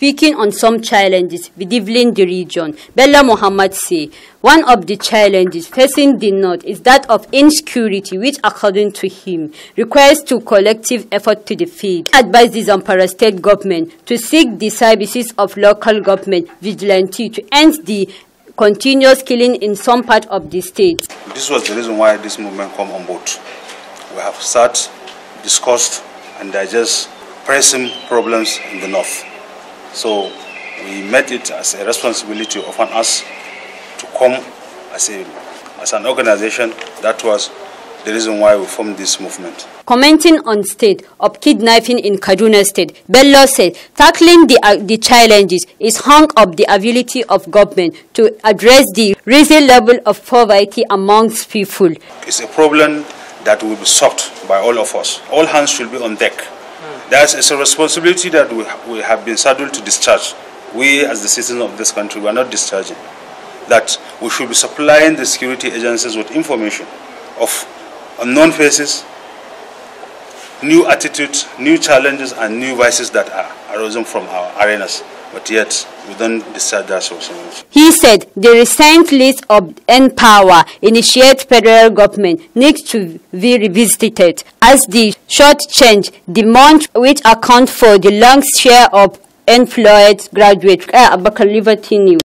Speaking on some challenges within the region, Bella Mohammed said one of the challenges facing the North is that of insecurity, which, according to him, requires to collective effort to defeat. advised the Zampara state government to seek the services of local government vigilante to end the continuous killing in some part of the state. This was the reason why this movement came on board. We have sat, discussed, and digest pressing problems in the North. So we made it as a responsibility of us to come as, a, as an organization. That was the reason why we formed this movement. Commenting on state of kidnapping in Kaduna State, Bello said tackling the, uh, the challenges is hung up the ability of government to address the rising level of poverty amongst people. It's a problem that will be solved by all of us. All hands should be on deck. That's a responsibility that we, we have been saddled to discharge. We, as the citizens of this country, we are not discharging. That we should be supplying the security agencies with information of unknown faces, new attitudes, new challenges, and new vices that are arising from our arenas. But yet, we don't decide that so He said the recent list of N Power initiate federal government needs to be revisited as the change? the month which account for the long share of employed graduates. Abubakar Liberty News.